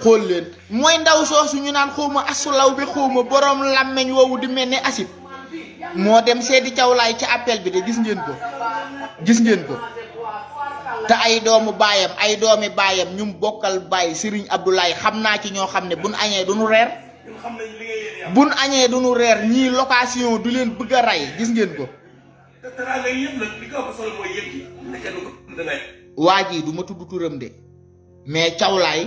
xool leen mooy ndaw soo su ñu naan xawma asulaw bi xawma borom làmmeñ woowu di mel ni asib moo dem seedi cawlaay ci appel bi de gis ngeen ko gis ngeen ko te ay doomu baayam ay doomi baayam ñu bokkal baay Serigne Abdoulaye xam naa ci ñoo xam ne buñ añee duñu reer buñ añee duñu reer ñii location du leen bëgg a rey gis ngeen ko waa jii du ma tudd turam de mais cawlaay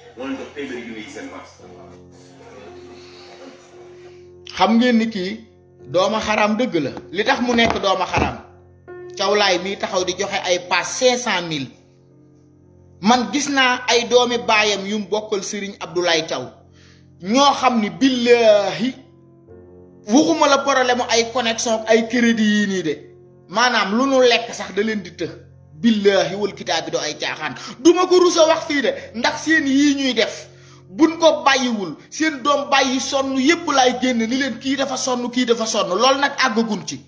wonto téeméeri junni yi seen mars xam ngeen ni ki dooma xaram deug la li tax mu nekk dooma xaraam cawlaay mi taxaw di joxe ay paas cinq cent man gis naa ay doomi bayam yum bokkal serigne Abdoulaye taw ñoo xam ni billahi waxuma la problème ay connexion ak ay crédit yi nii de maanaam lu nu lekk sax da leen di të billahi wal kitab do ay tiaxan duma ko rusa wax fi de ndax seen yi ñuy def buñ ko bàyyiwul seen dom bayyi sonu yépp lay genn ni leen ki dafa sonu ki dafa sonu lol nak àggagun ci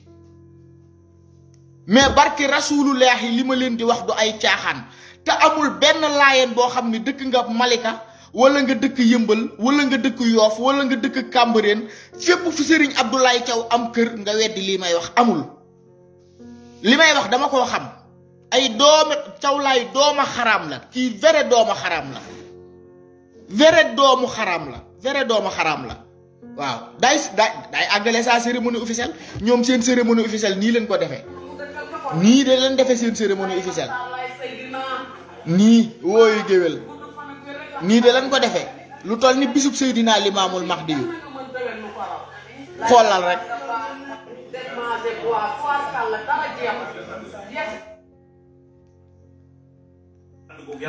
mais barki rasulullahi lima di wax do ay tiaxan te amul ben layen bo xamni dekk nga malika wala nga dekk yembal wala nga dekk yof wala nga dekk kàmbareen fepp fu serigne abdoulaye thiaw am keur nga weddi limay wax amul limay wax dama ko xam ay doomi cawlaay dooma xaraam la ki vere dooma xaraam la vere doomu xaraam la vere dooma xaraam la waaw day day day sa cérémonie officielle ñom seen cérémonie officielle ni leen ko defee ni de leen defee seen cérémonie officielle ni woy géwél ni de leen ko defé lu toll ni bisub sayidina limamul Mahdi yu xoolal rek.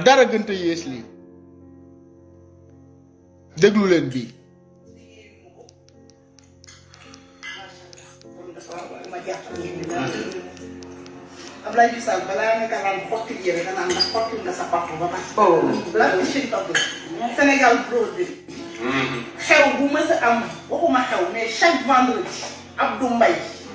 dara gënta yées lii déglu leen bii Abdoulaye Diouf Sall balaa nga naan xottil yére nga naan ndax xottil nga sa bopp ba pare. oh balaa nga siy topp Sénégal mm-hmm. xew bu mës a am waxuma xew mais chaque vendredi Abdou Mbaye.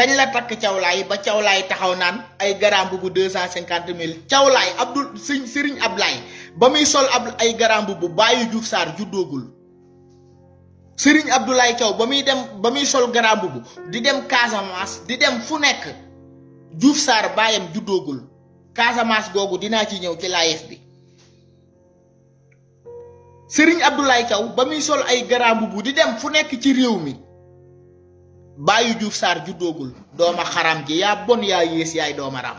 dañ la takk cawlaay ba cawlaay taxaw naan ay garambu bu deux cent cinquante mille cawlaay Abdul sëñ sëriñ Ablaay ba muy sol ab ay garambu bu bàyyi Diouf saar juddoogul sëriñ Abdoulaye Thiaw ba muy dem ba muy sol garambu bu di dem Casamance di dem fu nekk juuf saar baayam juddoogul Casamance googu dinaa ci ñëw ci laayef bi sëriñ Abdoulaye Thiaw ba muy sol ay garambu bu di dem fu nekk ci réew mi bayu juuf sar juddogul dooma kharam ji ya bon ya yes yaay dooma ram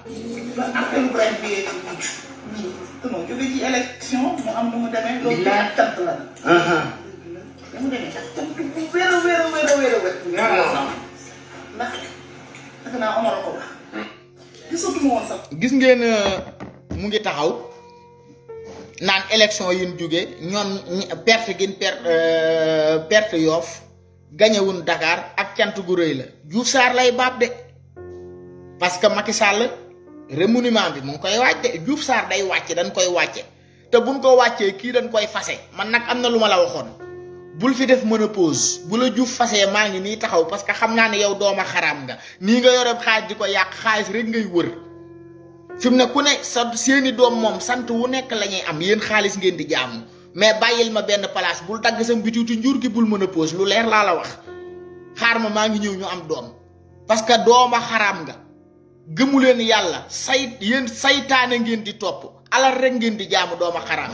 gis ngeen euh, mu ngi taxaw naan élection yin jóge ñoom perte gin euh, perte perte gañewun dakaar ak cant gu rëy la Diouf saar lay baab de parce que Macky Sall remaniement bi mu koy wàcc de Diouf Sarr day wàcce dañ koy wàcce te bu buñ ko wàccee kii dañ koy fase man nag am na lu ma la waxoon bul fi def mën a ménopause bu la Diouf fasee maa ngi nii taxaw parce que xam naa ne yow dooma xaraam nga nii nga yoreb xaalis di ko yàq xaalis rek ngay wër fi mu ne ku ne sa seeni doom moom sant wu nekk lañuy am yéen xaalis ngeen di jaamu mais bayil ma benn place bul dagg sam tu njur gi bul meuna pose lu leer la la wax xaar ma ma ngi ñew ñu am doom parce que dooma haram nga gëmu yalla yàlla say yéen saytaane ngeen di top ala rek ngeen di jaamu dooma haram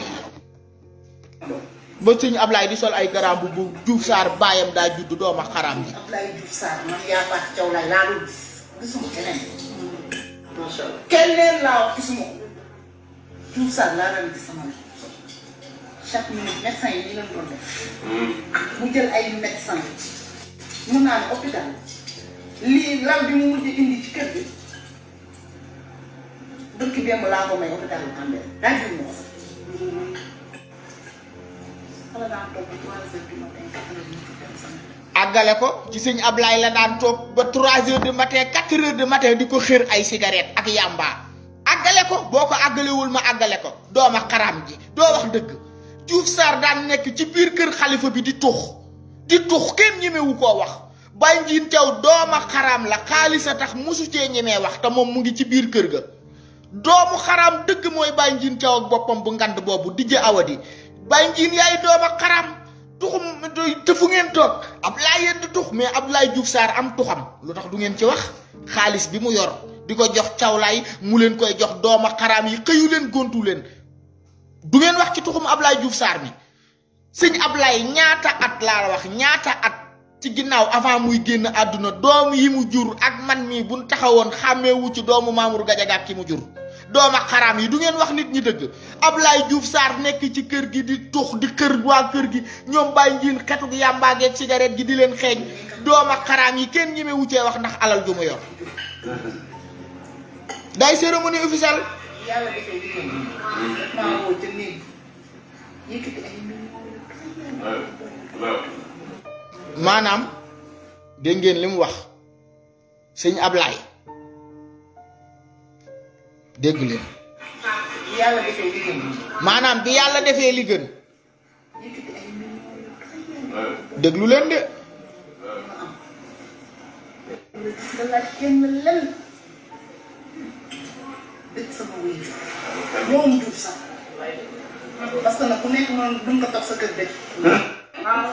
ba sëñ Ablaye di sol ay garam bu bu sar bayam da judd dooma haram yi. Ablaye Diouf Sarr man ya fa ciow lay la doon gis gisuma keneen. macha allah gisuma Diouf Sarr laa doon gis sama chaque minute médecin yi ñu leen doon hmm. mu jël ay médecin mun naa ne hôpital lii lal bi mu mujj indi ci kër gi dëkk démb laa ko may hôpital bu Kambel daal di mu ba trois heures du matin quatre heures du àggale ko ci sëñ Ablaay la daan toog ba 3 heures du matin 4 heures du matin di ko xër ay cigarette ak yàmba àggale ko boo ko àggalewul ma àggale ko dooma xaram ji doo wax dëgg Diouf Sarr daan nek ci biir kër khalifa bi di tux di tux kenn wu ko wax bay Ndiine taw dooma xaraam la khalisa tax musu ci ñëmé wax ta mom mu ngi ci biir kër ga doomu xaraam dëgg moy bay Ndiine taw ak bopam bu ngand di dijje awadi bay Ndiine yaay dooma xaraam tuxum te fu ngeen toog ablay yeen di tux mais Diouf sar am tuxam lu tax du ngeen ci wax khalis bi mu yor di jox tawlay mu leen koy jox dooma xaraam yi xeyu leen gontu leen du ngeen wax ci tuxum Ablaye Diouf saar mi sëñ Ablaye ñaata at laa wax ñaata at ci ginnaaw avant muy génn àdduna doom yi mu jur ak man mii bu taxawoon xàmmeewu ci doomu Mamour Gadiaga ki mu jur. doom ak xaraam yi du ngeen wax nit ñi dëgg Ablaye Diouf Sarr nekk ci kër gi di tux di kër waa kër gi ñoom bàyyi njiin xetuk yàmbaageeg cigarette gi di leen xeeñ doom ak xaraam yi kenn ñi may wuccee wax ndax alal ju mu yor. manam de ngeen lim wax seigne ablay dégg leen manam bi yalla defé li gën lu leen de dëgg sama parce que nag ku nekk noonu duñ ko toog sa kër dëkk. waaw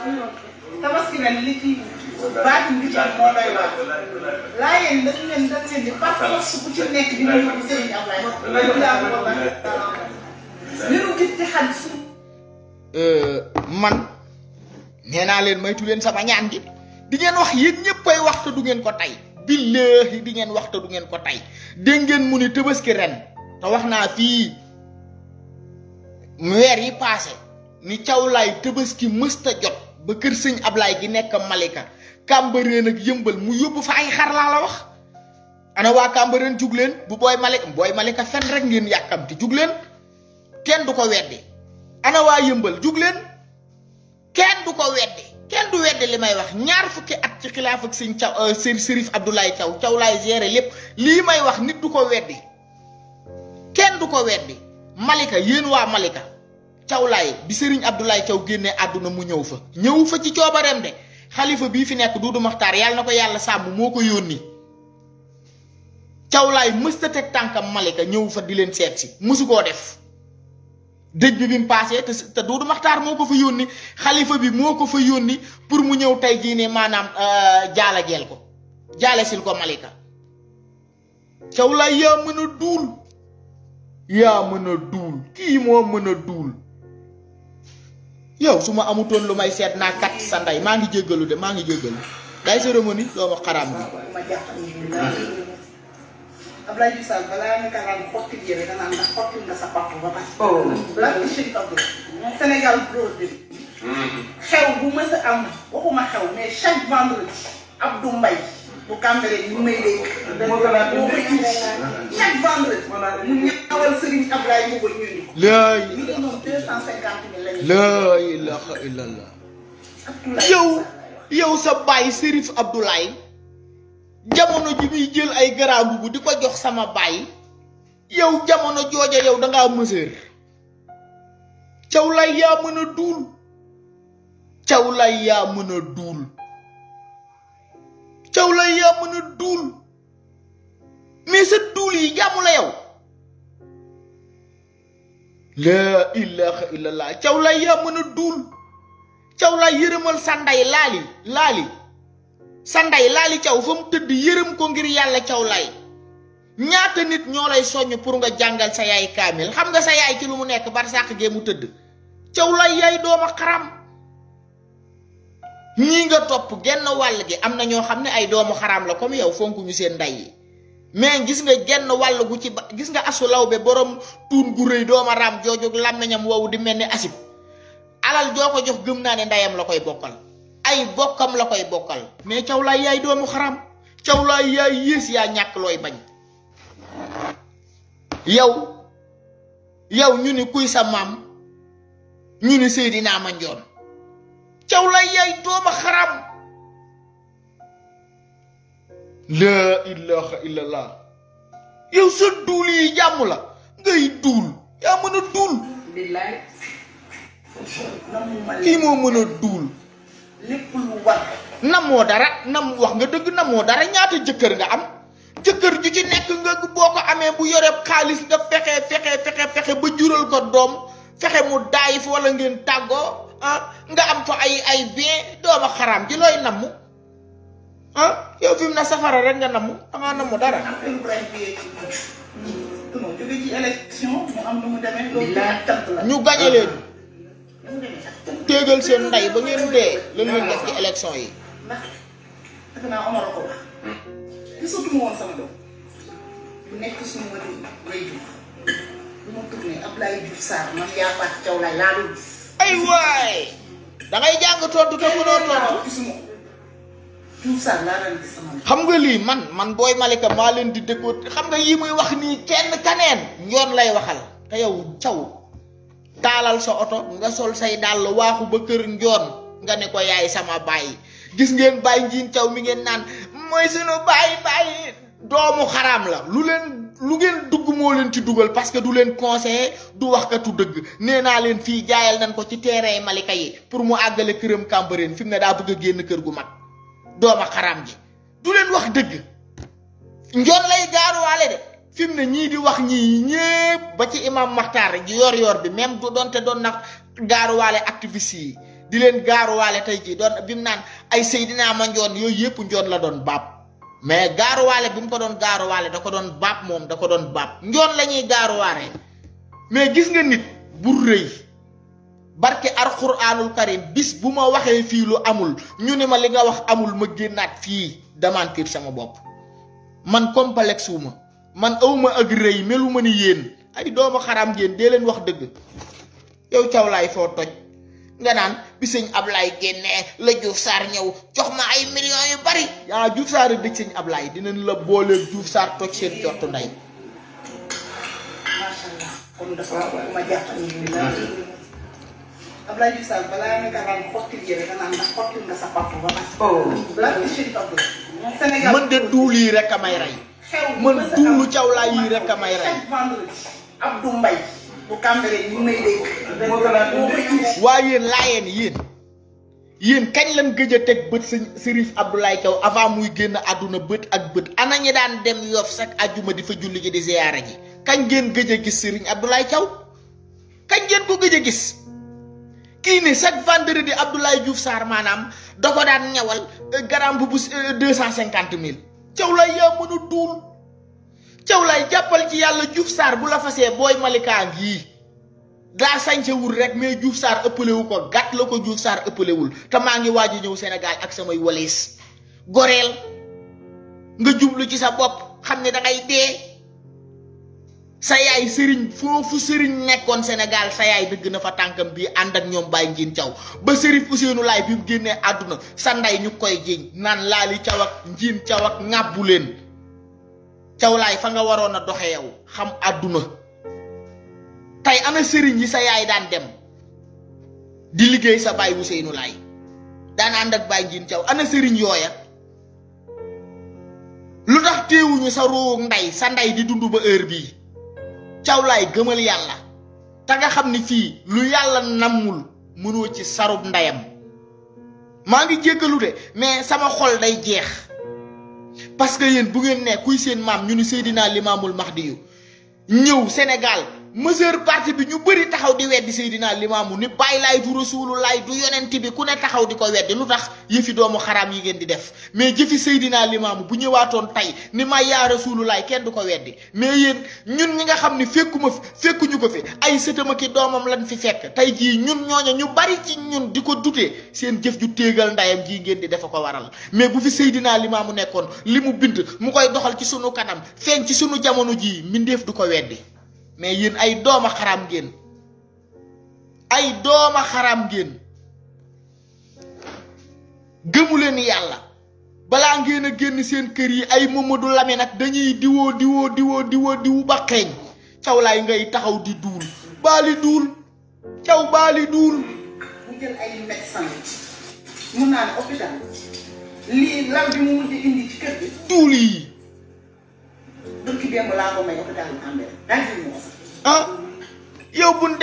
tabaski ren li ci baati ngi ci moo doy di par force bu ci nekk di ko eh, man nee naa leen maytu sama ñaan gi di ngeen wax yéen ñëppay wax te du ngeen ko tey billaahi di ngeen wax te du ngeen ko ngeen mu ni gitu. ren weer yi paase ni cawlaay tabaski mësta jot ba kër sëñ Ablaay gi nekk maleka Kàmbareen ak yëmbal mu yóbbu fa ay xar laa la wax ana Kàmbareen jug bu booy Malika booy Malika fen rek ngeen yàkkamti jug leen kenn du ko weddi ana waa yëmbal jug leen kenn du ko weddi kenn du weddi li ñaar fukki at ci xilaaf sëñ Caw euh, sër sërif Abdoulaye Caw Cawlaay géré lépp lii may wax nit du ko weddi kenn du ko weddi malika yeen wa malika lay bi serigne abdoulay ciow génnee aduna mu ñew fa ñew fa ci coobareem de khalifa bi fi nek dudu makhtar yalla nako yalla sam moko yoni ciow lay musta tek malika ñew fa di len seet si mësu koo def dëj bi bi mu moko te te Duudu Maxtaar moo fa yoni khalifa bi moko fa yoni pour mu ñew tay gi ne euh, jaala gel ko ko malika ciow ya ya dul yaa mën a duul kii moo mën a duul yow su ma amutoon lu may seet naa kat sa ndey maa ngi jéggalu de maa ngi jéggalu day cérémonie doomu xaraam bi ba pare. Oh. Hmm. bu mës a am waxuma xew mais chaque vendredi Abdou Mbaye. bu kàmbaree ñu may dégg. moo ko laaj moo koy chaque vendredi. mu ñaawal Serigne Ablaye mu ko ñuy. ñu doon deux ilaha illallah. yow yow sa Serif Abdoulaye jamono ji jël ay bu di jox sama baay yow jamono jooja yow da ngaa mësër caw lay yaa mën lay yow la yaa mën dul mais sa dul yi ya jaamu la yow la ilaha illallah ciow la yaa mën dul ciow la yeureumal sanday lali lali sanday lali ciow laali teud yeureum ko ngir yalla ciow lay ñaata nit ñolay lay pour nga jangal sa yaay kamil xam nga sa yaay ci lu mu nekk bar sax ge mu teud ciow la yaay dooma kharam ñii nga topp genn wàll gi am na ñoo xam ne ay doomu xaraam la comme yow fonku ñu seen ndey yi mais gis nga genn wàll gu ci ba gis nga asu lawbe borom tuun gu rëy dooma raam jooju làmmiñam woowu di mel ni asib alal joo ko jox gëm naa ne ndeyam la koy bokkal ay bokkam la koy bokkal mais caw laay yaay doomu xaram caw laay yaay yées yaa ñàkk looy bañ yow yow ñu ni kuy sa maam ñu ni Seydina Mandione yow la yey dooma kharam la ilaha illallah yow sa ya duul yi jàmm la ngay dul yaa mën dul ki mo moo mën a namu lépp lu war dara nam wax nga dëgg namoo dara ñaata jëkkër nga am jëkkër ju ci nekk nga boko amé bu yoré ya, xaalis da fexé fexé fexé fexé ba jural ko dom fexé mu daayif wala ngeen taggo oh. ah nga am fa ay ay bien dooma xaraam ji looy namm ah yow fi mu ne safara rek nga namm dangaa namm dara. ñu gañe leen ah. téegal seen ndey ba ngeen dee lan def ci élection yi. nekk suñu wàllu mbay mi. bu ma ay waay jàng tontu te mënoo tontu. xam nga lii man man booy Malika maa leen di dëkkoon xam nga yii muy wax nii kenn kaneen yoon lay waxal te yow caw taalal sa oto nga sol say dàll waaxu ba kër njoon nga ne ko yaay sama bàyyi gis ngeen bàyyi njiin caw mi ngeen naan mooy sunu bàyyi bàyyi doomu xaraam la lu leen. lu ngeen dugg mo leen ci duggal parce que du leen conseiller du wax ka tu deug neena leen fi jaayal nan ko ci terrain malika yi pour mu agale kërëm kambareen fi ne da bëgg a kër gu mag dooma xaram ji du leen wax deug njoon lay walé de fi ne ñi di wax ñi ñepp ba ci imam makhtar ji yor yor bi même du donte don nak nag walé activiste yi di leen walé tay ji don bim mu naan ay sayidina ma njoon yooyu yépp njoon la don bab mais garu walé mu ko garu walé da ko don bab mom da ko don bab ñoon lañuy garu waré mais gis nga nit bu reuy barké alxuraanul karim bis bu ma waxee lu amul ñu ni ma li nga wax amul ma génnaat fii démentir sama bop man complexe wu man awma ak reuy melu ma ni yeen ay doomu xaram gene de len wax deug yow caw lay fo toj nga naan bi sëñ Ablaye génnee la Diouf Sarr ñëw jox ma ay millions yu bari yaa Diouf Sarr a dëj sëñ Ablaye dinañ la boolee Diouf Sarr toj seen jottu ndey comme dafa ma jàppal oh. mën de duul yi rek a may rey. mën duulu cawlaay yi rek a may rey. bu Cambérène ñu may dégg. moo gën kañ lan gëj a teg bët sëñ Sërif Abdoulaye Thiaw avant muy génn àdduna bët ak bët ana ñi daan dem Yoff chaque àjjuma di fa julli ji di ziyaara ji kañ ngeen gëj a gis Sëriñ Abdoulaye Thiaw kañ geen ko gëj a gis kii ni chaque vendredi Abdoulaye Diouf Sarr maanaam da ko daan ñawal euh, gramme bu bu euh, deux cent cinquante mille Thiaw yaa mën duul. caw jàppal ci yàlla Diouf saar bu la fasee booy Malika ngii daa sañsewul rek mais juf Sarr ëppalewu ko gàtt la ko Diouf Sarr ëppalewul te maa ngi waaj a ñëw Sénégal ak samay walees goreel nga jublu ci sa bopp xam ne da ngay dee sa yaay sëriñ foofu sëriñ nekkoon Sénégal sa yaay dëgg na fa tànkam bii ànd ak ñoom bàyyi njiin caw ba sërif Ousseynou Laay bi génnee àdduna sa ndey ñu koy jiñ naan laali caw ak njiin caw ak ŋàbbu leen cawlaay fa nga waroon a doxe yow xam àdduna tey ana sëriñ yi sa yaay daan dem di liggéey sa baay Ousseynou Laay daan ànd ak baay njiin caw ana sëriñ yooya lu tax téewuñu sa ruug ndey sa ndey di dund ba heure bii cawlaay gëmal yàlla te nga xam ni fii lu yàlla nammul mënoo ci sarub ndeyam maa ngi jéggalu de mais sama xol day jeex parce que yéen bu ngeen nee kuy seen maam ñu ni Seydina Limaamul di yu ñëw Sénégal mesure parti bi ñu bëri taxaw di weddi Seydina Limaamu ni bàyyi laay du rasuulu laay du yonent bi ku ne taxaw di ko weddi lu tax yëfi doomu xaraam yi ngeen di def mais jëfi Seydina Limaamu bu ñëwaatoon tey ni ma yaa rasuulu laay kenn du ko weddi mais yéen ñun ñi nga xam ni fekkuma fi fekkuñu ko fi ay sëtama ki doomam lañ fi fekk tey jii ñun ñooña ñu bari ci ñun di ko dutee seen jëf ju téegal ndayam jii ngeen di defe ko waral mais bu fi Seydina Limaamu nekkoon li mu bind mu koy doxal ci sunu kanam feeñ ci sunu jamono jii mbindeef du ko weddi mais yéen ay dooma xaraam ngeen ay dooma xaraam ngeen gëmuleen yàlla balaa ngeen a génn seen kër yi ay Mamadou Lamine nag dañuy diwoo diwoo diwoo diwoo diwu ba xeeñ caw ngay taxaw di duul baali duul caw baali duul mu jël ay médecin mu naan hôpital lii lal bi mu mujj indi ci kër gi duul yi bërki démb laa ko may hôpital yow buñ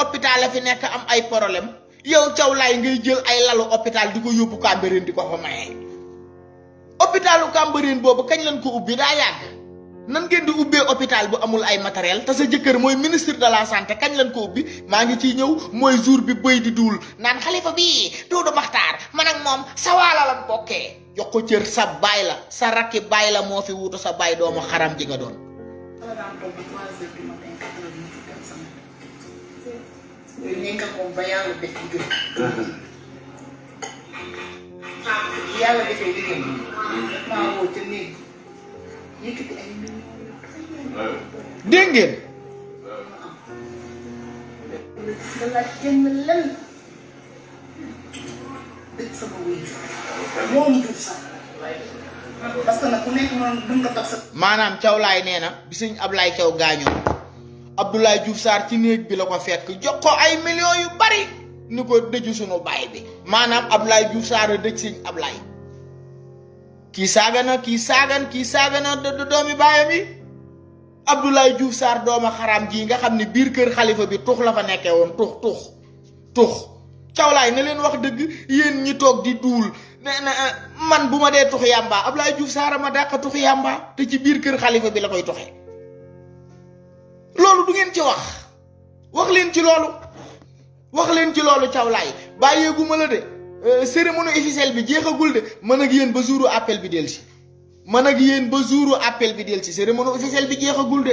hôpital la fi nekk am ay problème yow caw laay ngay jël ay lalu hôpital di ko yóbbu Cambérène di ko fa maye hôpitalu Cambérène boobu kañ lañ ko ubbi daa yàgg nan ngeen di ubi hôpital bu amul ay matériel ta sa jëkkër mooy ministre de la santé kañ lañ ko ubbi maa ngi ciy ñëw mooy jour bi bëy di duul naan xalifa bii Doudou Makhtar man ak mom sawala lan bokkee jox ko cër sa bay la sa rakki bay la mo fi wutu sa baay doomu xaram ji nga doon yàlla maanaam Thiaw laay nee na bi sëñ Ablaye Thiaw gaañoo Abdoulaye Diouf Sarr ci néeg bi la ko fekk jox ko ay millions yu bari ni ko dëju sunu baay bi maanaam Abdoulaye Diouf Sarr a dëj sëñ Ablaye kii saaga na kii saagan kii saaga na doomi baayam bi Abdoulaye Diouf Sarr dooma xaraam ji nga xam ni biir kër xalifa bi tux la fa nekkee woon tux tux tux cawlaay na leen wax dëgg yéen ñi toog di duul ne na eh, man bu ma dee tux yàmba Ablaye Diouf Sarr ma dàq tux yàmba te ci biir kër xalifa bi la koy tuxee loolu du ngeen ci wax wax leen ci loolu wax leen ci loolu cawlaay bàyyeeguma la de euh, cérémonie officielle bi jeexagul de man ak yéen ba jouru appel bi del si man ak yéen ba jouru appel bi del si cérémonie officielle bi jeexagul de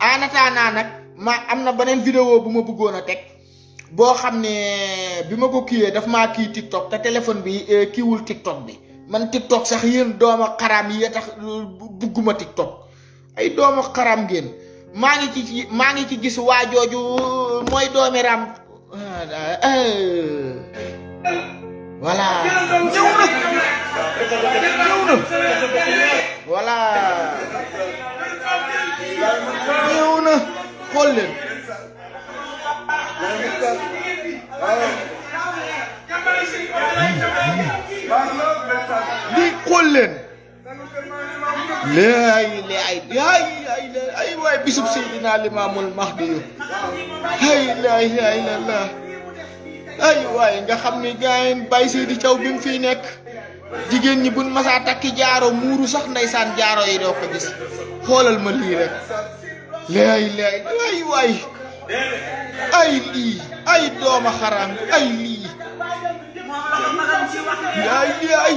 en attendant nag ma am na beneen vidéo bu ma bëggoon a teg boo xam ne bi ma ko kiiyee daf maa kii TikTok te téléphone bi kiiwul TikTok bi man TikTok sax yéen dooma xaraam yi tax bugguma TikTok ay dooma xaraam ngeen maa ngi ci ci maa ngi ci gis waa jooju mooy doomi raam voilà na ñëw na xool leen lii xool leen. lay lay ay nga xam ni gaayen Baye Seydi nekk jigéen ñi buñ masaa takki jaaro muuru sax jaaro yi doo ko gis xoolal ay lii ay dooma xaraam ay lii yaay yaay yaay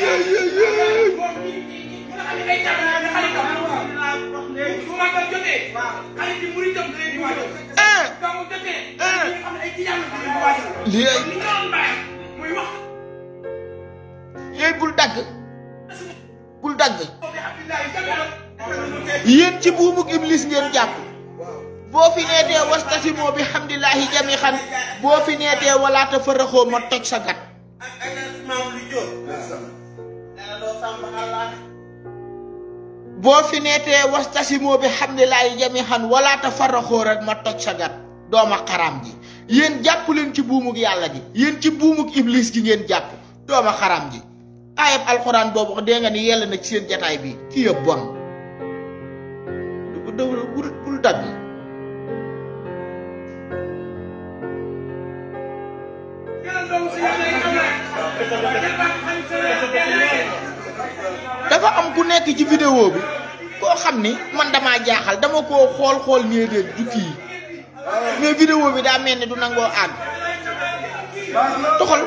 yaay yaay yaay bul dagg bul dagg yéen ci buumug iblis ngeen jàpp boo fi neetee wastasimoo bi hamdulillahi boo fi neetee walaata faraxoo ma toj sa fi neetee wastasimoo bi hamdulillahi jami xan walaata faraxoo rek ma toj sa gat dooma xaraam ji yéen jàpp leen ci buumuk yàlla gi yéen ci buumuk iblis gi ngeen jàpp dooma xaraam ji ayab alxuraan boobu wax dee nga ni yell na ci seen jataay bi ki yëpp bon bul dab yi dafa am ku nekk ci vidéo bi koo xam ni man damaa jaaxal dama koo xool xool nii de jukki yi mais vidéo bi daa mel ni du nangoo àgg toxal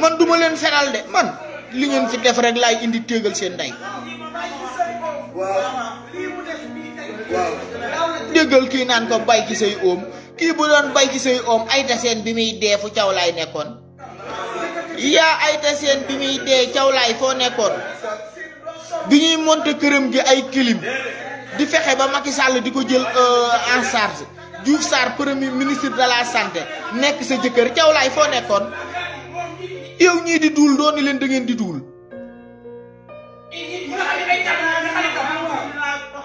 man duma leen feral de man li ngeen fi def rek laay indi téegal seen ndey Dia ki nan ko bay ci sey om ki bu don bay ci say oom ayta seen bi mi de fu caw laay nekkoon yaa ayta seen bi mi de ciow lay fo nekkon bi ñuy monte kërëm gi ay kilim di fexé ba Macky Sall diko jël euh en charge Diouf Sar premier ministre de la santé nekk sa jëkër ciow lay fo nekkon yow ñi di do ni leen da ngeen di dul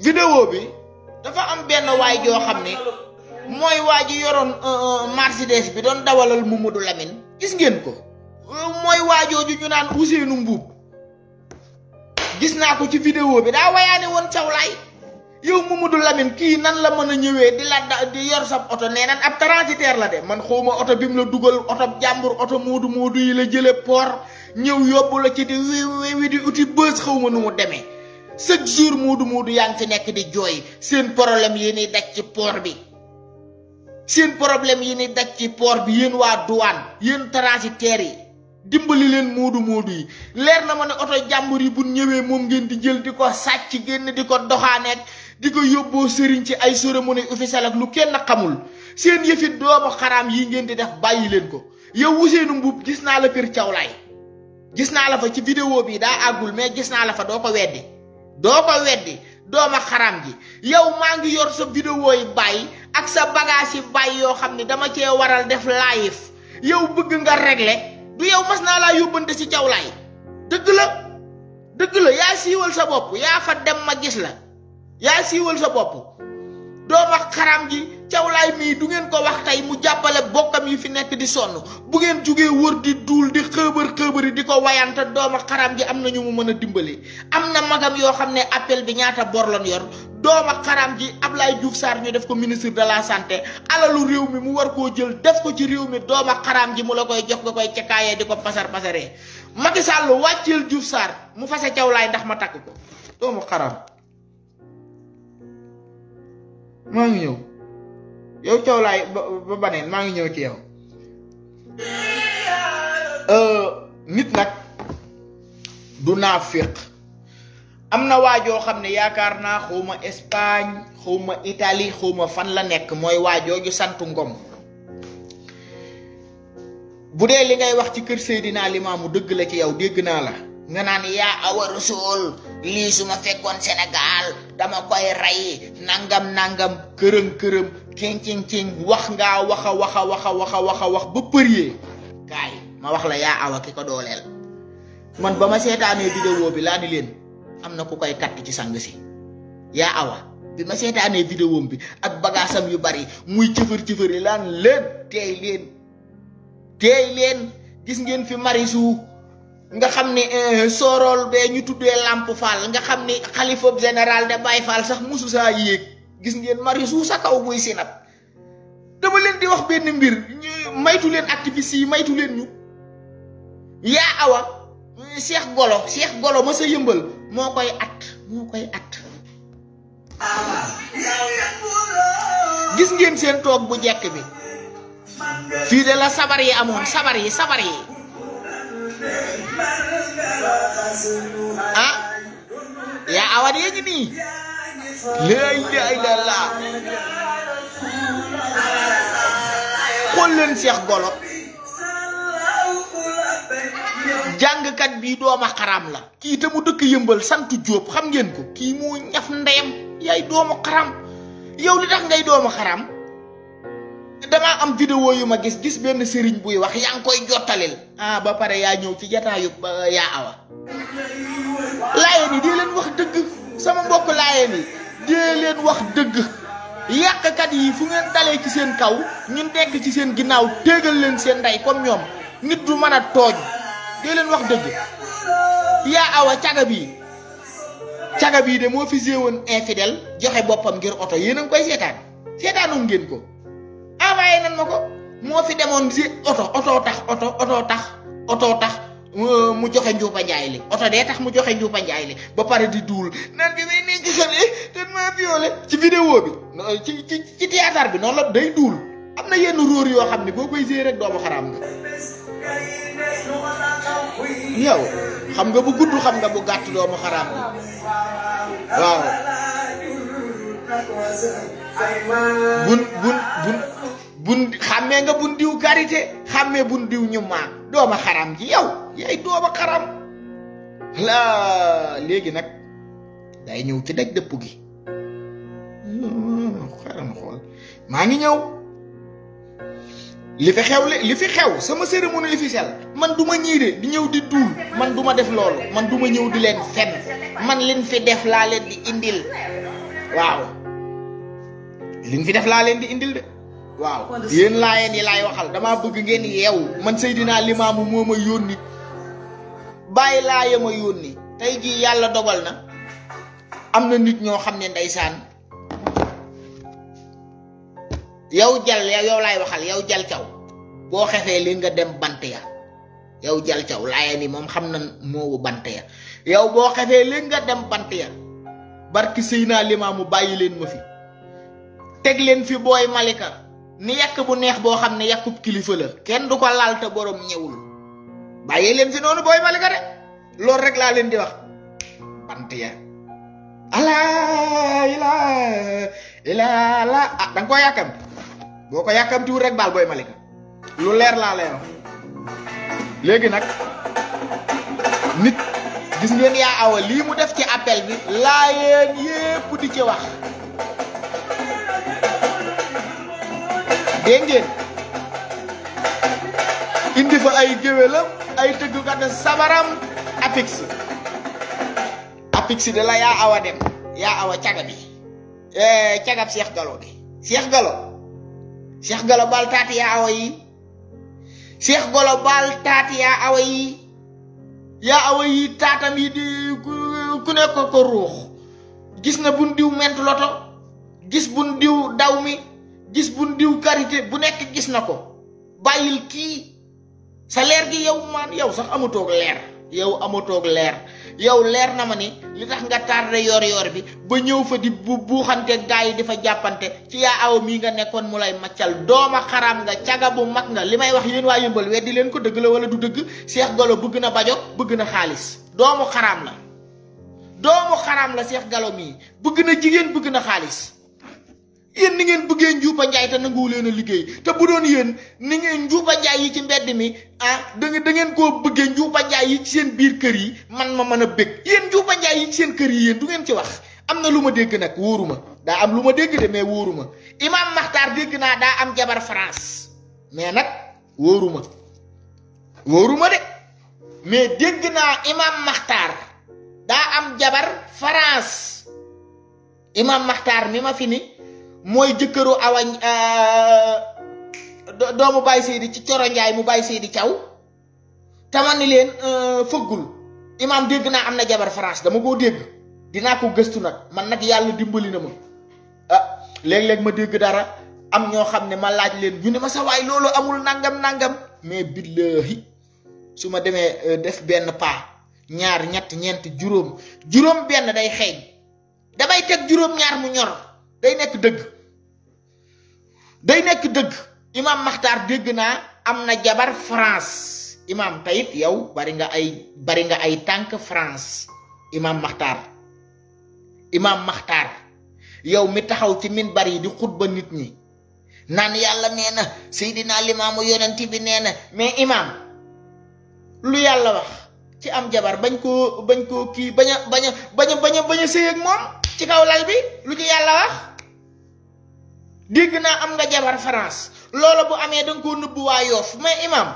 vidéo bi dafa am benn waay joo xam ne mooy waa ji yoroon euh, euh, Mercedes bi doon dawalal Mamadou Lamine gis ngeen ko euh, mooy waa jooju ñu naan Ousseynou mbub gis naa ko ci vidéo bi daa wayaane woon cawlaay yow Mamadou Lamine kii nan la mën a di la di yor sab oto nee nan ab transitaire la de man xawma oto bi mu la dugal oto jàmbur oto moodu moodu yi la jële port ñëw yóbbu la ci di wi wi di uti bës xawma nu mu demee chaque jour muudu muudu yaa ngi fi nekk jooy seen problème yi ni daj ci port bi seen problème yi ni daj ci poor bi yéen waa douane yéen transitaires yi dimbali leen muudu muudu yi leer na ma ne oto jàmbur yi bu ñëwee moom ngeen di jël di ko sàcc génn di ko doxaaneeg di ko yóbboo sëriñ ci ay cérémonie officielle ak lu kenn xamul seen yëfit doomu xaraam yi ngeen di def bàyyi leen ko yow Ousseynou Mboup gis naa la kër Cawlaay gis naa la fa ci vidéo bi daa àggul mais gis naa la fa doo ko weddi doo ko weddi dooma xaram ji yow maa ngi yor sa vidéo yi bàyyi ak sa bagage yi bàyyi yoo xam ne dama cee waral def live yow bëgg nga régler du yow mas naa laa yóbbante si cawlaay dëgg la dëgg la yaa siiwal sa bopp yaa fa dem ma gis la yaa siiwal sa bopp dooma xaram ji cawlaay mii du ngeen ko wax tey mu jàppale bokkam yi fi nekk di sonn bu ngeen jugee wër di duul di xëbër yi di ko wayante doomu xaram ji am na ñu mu mën a dimbali am na magam yoo xam ne appel bi ñaata borlon yor doomu xaram ji Ablaye juuf saar ñu def ko ministre de la santé alalu réew mi mu war koo jël def ko ci réew mi doomu xaram ji mu la koy jox nga koy cekaayee di ko pasar pasaree Macky Sall wàcceel Diouf Sarr mu fase cawlaay ndax ma takk ko doomu xaram maa ngi ñëw yow coow laay ba baneen maa ngi ñëw ci yow euh, nit nag du naafiq am na waajoo xam ne yaakaar naa xawma Espagne xawma Italie xawma fan la nekk mooy waajoo ju sant Ngom bu dee li ngay wax ci kër Seydina Limaamu dëgg la ci yow dégg naa la ngenan ya awa rasul li suma ma senegal dama koy ray nangam nangam kerem kerem king king king wax nga waxa waxa waxa waxa waxa wax ba përiyee kaay ma wax la ya awa ki ko dooleel man bama setané seetaanee vidéo bi la ni len amna ku koy kat ci sang si ya awa bi ma setané vidéo bi ak bagasam yu bari muy ciëfër ciëfër lan le leen len leen len gis ngeen fi marisu nga xam eh, sorol be ñu tuddé lampe fall nga xam khalifa général de bay fall sax musu sa yek gis ngeen mari su sa kaw muy sinap dama leen di wax ben mbir maytu leen activiste yi maytu leen ñu ya awa eh, cheikh golo cheikh golo ma sa yëmbal mo koy at mo koy at gis ngeen seen tok bu jekk bi fi de la sabar yi sabar ah ya awal dia gini la ya, ilaha ya, illallah ya xool leen cheikh golo jàngkat bii dooma xaram la kii te mu dëkk yëmbal sant jóob xam ngeen ko kii moo ñaf ndeyam yaay doomu xaram yow li tax ngay doomu damaa am vidéo yu ma gis gis benn sëriñ buy wax yaa ngi koy jottalil ah ba pare yaa ñëw ci jataayub euh, yaa awa laayeen yi dee leen wax dëgg sama mbokk laayeen yi dee leen wax dëgg yàqkat yi fu ngeen dalee ci seen kaw ñu nekk ci seen ginnaaw téegal leen seen ndey kon ñoom nit du mën a tooñ dee leen wax dëgg yaa awa caga bii caga bii de moo fi séewoon infidèle joxe boppam ngir oto yéen a koy seetaan seetaanoon ngeen ko envoyé nan ma ko moo fi demoon si oto oto tax oto oto tax oto mu joxe njuupa njaay li oto dee tax mu joxe njuupa njaay li ba pare di duul nan bi may nii gisalee te maa violé ci vidéo bi ci ci ci théâtre bi noonu la day duul am na yenn róor yoo xam ne boo koy séy doomu xaraam nga yow xam nga bu gudd xam nga bu gàtt doomu xaraam nga waaw bun bun bun bun xàmmee nga bun diw karité xàmmee bun diw ñu ma dooma xaram ji yow yaay dooma xaram la légui nak day ñew ci daj depp gi xaram hmm, xol ma ngi ñew li fi xew li fi xew sama cérémonie officielle man duma ñii de di ñew di dul man duma def lool man duma ñew di len fenn man liñ fi def la len di indil waaw liñ fi def la len di indil de waaw yéen laayeen yi laay waxal damaa bëgg ngeen yeewu man Seydina Limaamu moo ma yónni bàyyi laaye ma yónni tey jii yàlla dogal na am na nit ñoo xam ne ndeysaan yow jal yow laay waxal yow jal caw boo xefee li nga dem bant ya yow jal caw laayeen yi moom xam na moowu bant ya yow boo xefee li nga dem bant ya barki naa Limaamu bàyyi leen ma fi teg leen fi booy Malika ni yak bu neex bo xamne kup kilifa la kenn duko lal ta borom ñewul baye len fi nonu boy malika de lor rek la len di wax bant ya ala ila ila la ah da nga koo yàkkamti boo ko rek bal boy malika lu leer la ya. leer legi nak nit gis ngeen ya awa li mu def ci appel bi yeen yépp di ci wax dengen indi fa ay gewelam ay kat sabaram apix apix de la ya awa dem ya awa tiaga bi tiaga eh, Cheikh Galo bi Cheikh Galo Cheikh Galo bal tati ya awa yi Cheikh Galo bal tati ya awa yi ya awa yi tatam yi di ku nekk ko ruh gis na bun diw ment loto gis bun diw daw gis bu ndiw karité bu nek gis nako bayil ki sa lèr gi yow man yow sax ak lèr yow ak lèr yow lèr na ma ni li tax nga tardé yor yor bi ba ñew fa di bu buuxante gaa yi di fa jàppante ci ya aw mi nga nekkon mu lay maccal dooma xaram nga caga bu mag nga limay wax yeen way yëmbal wéddi len ko deug la wala du deug Cheikh Galo bëgg na bajo bëgg na xaaliss doomu xaram la doomu xaram la Cheikh Galo mi. bëgg na jigen bëgg na xaaliss yen ni ngeen bëggee njuba njaay te nangu leen a liggéey te bu doon yen ni ngeen njuba njaay yi ci mbedd mi ah da da ngeen koo bëggee njuba njaay yi ci seen biir kër yi man ma mën a bëgg yen njuba njaay yi ci seen kër yi yen du ngeen ci wax am na lu ma dégg nag am lu ma dégg de mais wóoru imam dégg naa daa am jabar France mais nag wóoru ma wóoru de mais dégg naa imam Maxtaar daa am jabar France imam Maxtaar mi ma fi mooy jëkkëru awañ awa euh, doomu Baye Seydi ci Coro Njaay mu bàyyi Seydi Thiaw te ma ni leen euh, fëggul imaam dégg naa am na jabar France dama koo dégg dinaa ko gëstu nag man nag yàlla dimbali na ma ah léeg-léeg ma dégg dara am ñoo xam ne ma laaj leen ñu ne ma sa waay loolu amul nangam nangam mais billahi su ma demee euh, def benn paa ñaar ñett ñeent juróom juróom benn day xeeñ damay teg juróom ñaar mu ñor. day nek deug day nek deug imam makhtar deug na am jabar france imam tayit yow bari nga ay bari nga ay tank france imam makhtar imam makhtar yow mi taxaw ci min bari di khutba nit ñi nan yalla neena na seydina yonenti bi neena mais imam lu yalla wax ci am jabar bañ ko bañ ko ki baña baña baña baña bañ ak mom ci kaw lal bi lu ci yalla wax dégg naa am nga jabar France loola bu amee danga nga koo nëbb waa yoof mais imam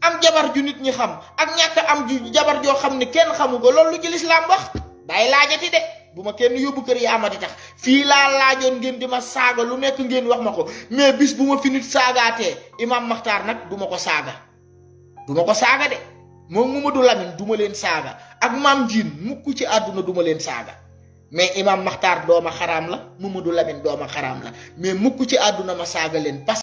am jabar ju nit ñi xam ak ñàkk am ju jabar joo xam ne kenn xamu ko loolu lu ci lislaam wax bàyyi laajati de bu ma kenn yóbbu kër yi amati tax fii laa laajoon ngeen di ma saaga lu nekk ngeen wax ma ko mais bis bu ma fi nit saagaatee imam Maxtaar nag du ma ko saaga du ma ko saaga de moom Mamadou Lamine du ma leen saaga ak maam Diin mukk ci àdduna du ma leen saaga mais imam maxtaar dooma xaraam la Mamadou Lamine doomu xaraam la mais mukk ci àdduna ma saaga leen parce